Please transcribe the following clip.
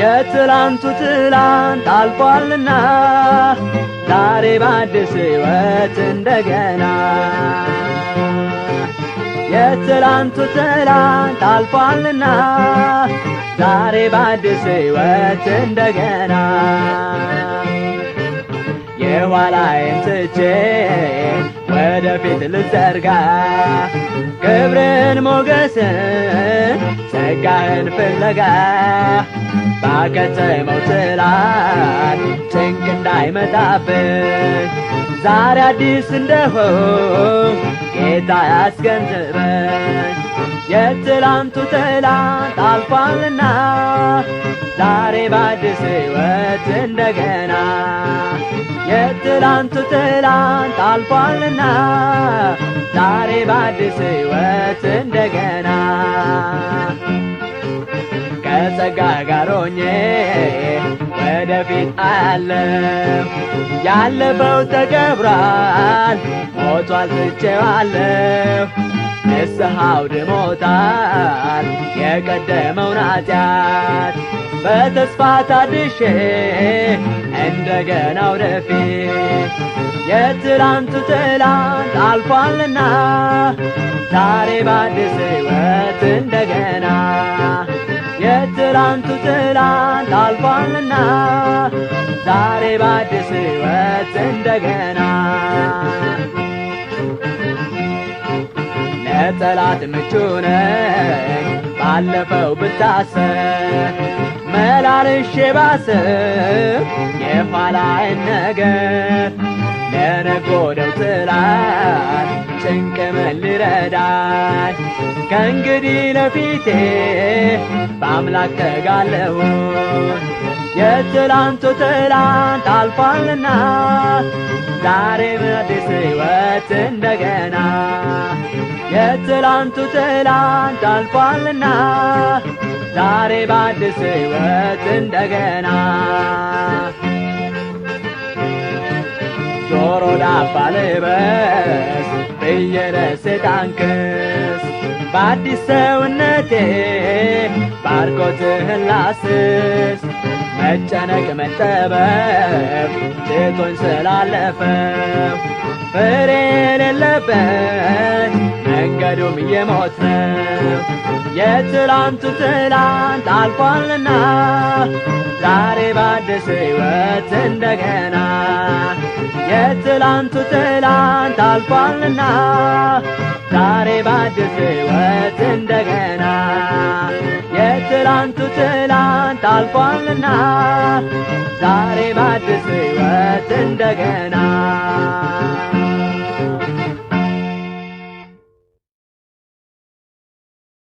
የትላንቱ ትላንት አልፏልና ዛሬ በአዲስ ሕይወት እንደገና የትላንቱ ትላንት አልፏልና ዛሬ በአዲስ ሕይወት እንደገና የኋላዬን ትቼ ወደፊት ልዘርጋ ክብርን ሞገስን ጸጋህን ፍለጋ ባከተመው ጥላት ጭንቅ እንዳይመጣብን ዛሬ አዲስ እንደሆን ጌታ ያስገንዝበን የትላንቱ ትላንት አልፏልና ዛሬ በአዲስ ሕይወት እንደገና የትላንቱ ትላንት አልፏልና ዛሬ በአዲስ ሕይወት እንደገና ከጸጋ ጋር ሆኜ ወደፊት አያለም ያለፈው ተገብሯል ሞቷል ትቼዋለሁ ንስሐው ድሞታል የቀደመውን ኃጢአት በተስፋ ታድሼ እንደገና ወደፊት የትላንቱ ትላንት አልፏልና ዛሬ በአዲስ ሕይወት እንደገና የትላንቱ ትላንት አልፏልና ዛሬ በአዲስ ሕይወት እንደገና ሰላት ምቹ ነኝ ባለፈው ብታሰ መላልሼ ባሰ የኋላይን ነገር ለነጎደው ጥላት ጭንቅምን ልረዳኝ ከእንግዲህ ለፊቴ በአምላክ ተጋለሁ የትላንቱ ትላንት አልፏልና ዛሬ መድስ ህይወት እንደገና ትላንቱ ትላንት አልፏልና ዛሬ በአዲስ ሕይወት እንደገና ጆሮ ዳባ ልበስ ብዬ ደሴት አንክስ በአዲስ ሰውነቴ ባርኮትህን ላስስ መጨነቅ መጠበብ ልቶኝ ስላለፈ ፍሬ የሌለበት መንገዱም እየሞት ነው። የትላንቱ ትላንት አልፏልና ዛሬ በአዲስ ሕይወት እንደገና የትላንቱ ትላንት አልፏልና ዛሬ በአዲስ ሕይወት እንደገና ትላንቱ ትላንት አልፏልና ዛሬ በአዲስ ሕይወት እንደገና